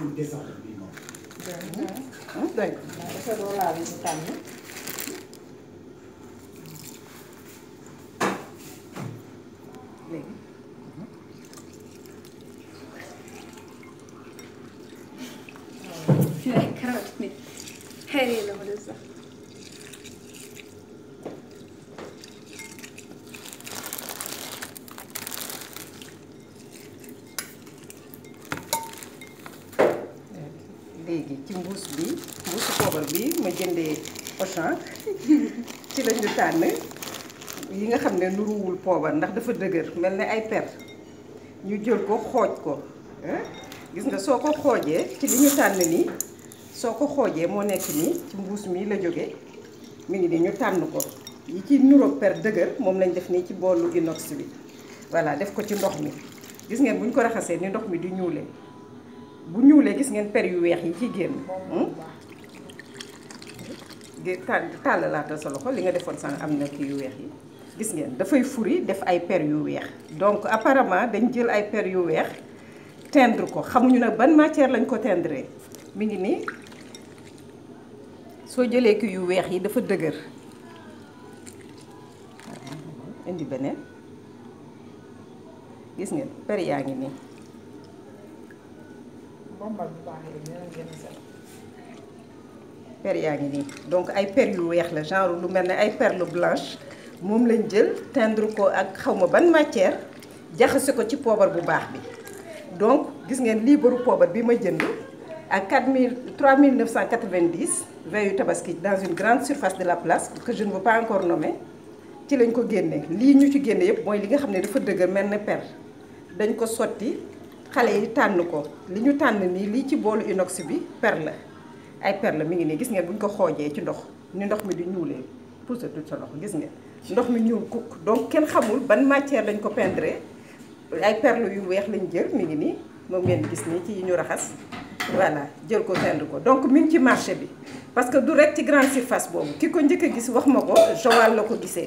anche che sono primo. Dai. Adesso lo lavi un léegi ci mbuus bi mbuusu poobar bi ma jëndee Auchan ci lañu tànn yi nga xam ne nuruwul poobar ndax dafa dëgër mel ne ay per ñu jël ko xooj ko gis nga soo ko xoojee ci li ñu tànn nii soo ko xoojee moo nekk nii ci mbuus mii la jóge mu ngi nii ñu tànn ko yi ci nuroog per dëgër moom lañ def nii ci boolu inox bi voilà def ko ci ndox mi gis ngeen bu ñu ko raxasee ni ndox mi di ñuulee bu ñuulee gis ngeen per yu wéx yi ci génn hmm? ta sa loxo li nga defoon sànq am na kii yu weex yi gis ngeen dafay furi def ay per yu weex donc apparemment dañ jël ay per yu weex teindre ko xamuñu nag ban matière lañ ko teindre mi ngi nii soo jëlee ki yu weex yi dafa dëgër indi beneen gis ngeen per yaa ngi nii bombal bu baax gën a per yaa ngi donc ay per yu weex la genre lu melni ay perle blanche mom lañ jël teindre ko ak xawma ban matière jaxase ko ci poobar bu baax bi donc gis ngeen lii baru poobar bi ma jënd ak 4000 3990 veille tabaski dans une grande surface de la place que je ne veux pas encore nommer ci lañ ko génne li ñu ci génne yëpp moy li nga xamné dafa dëgër melni ne per dañ ko sotti xalé yi tann ko li ñu tànn nii lii ci bolu inox bi perle ay perle mi ngi nii gis ngeen buñ ko xojé ci ndox ni ndox mi di ñuulé ñuulee pousatul sa ndox gis ngeen ndox mi ñuul kukk donc ken xamul ban matière lañ ko peindre ay perle yu wéx lañ jël mi ngi ni moom ngeen gis ni ci ñu raxas voilà jël ko peindre ko donc mi ci marché bi parce que du rek ci grande surface bobu ki ko njëkk gis wax ma ko Joal la ko gisee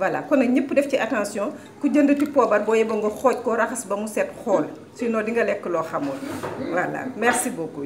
voilà pour que def ci attention ku jëndati poobar voilà merci beaucoup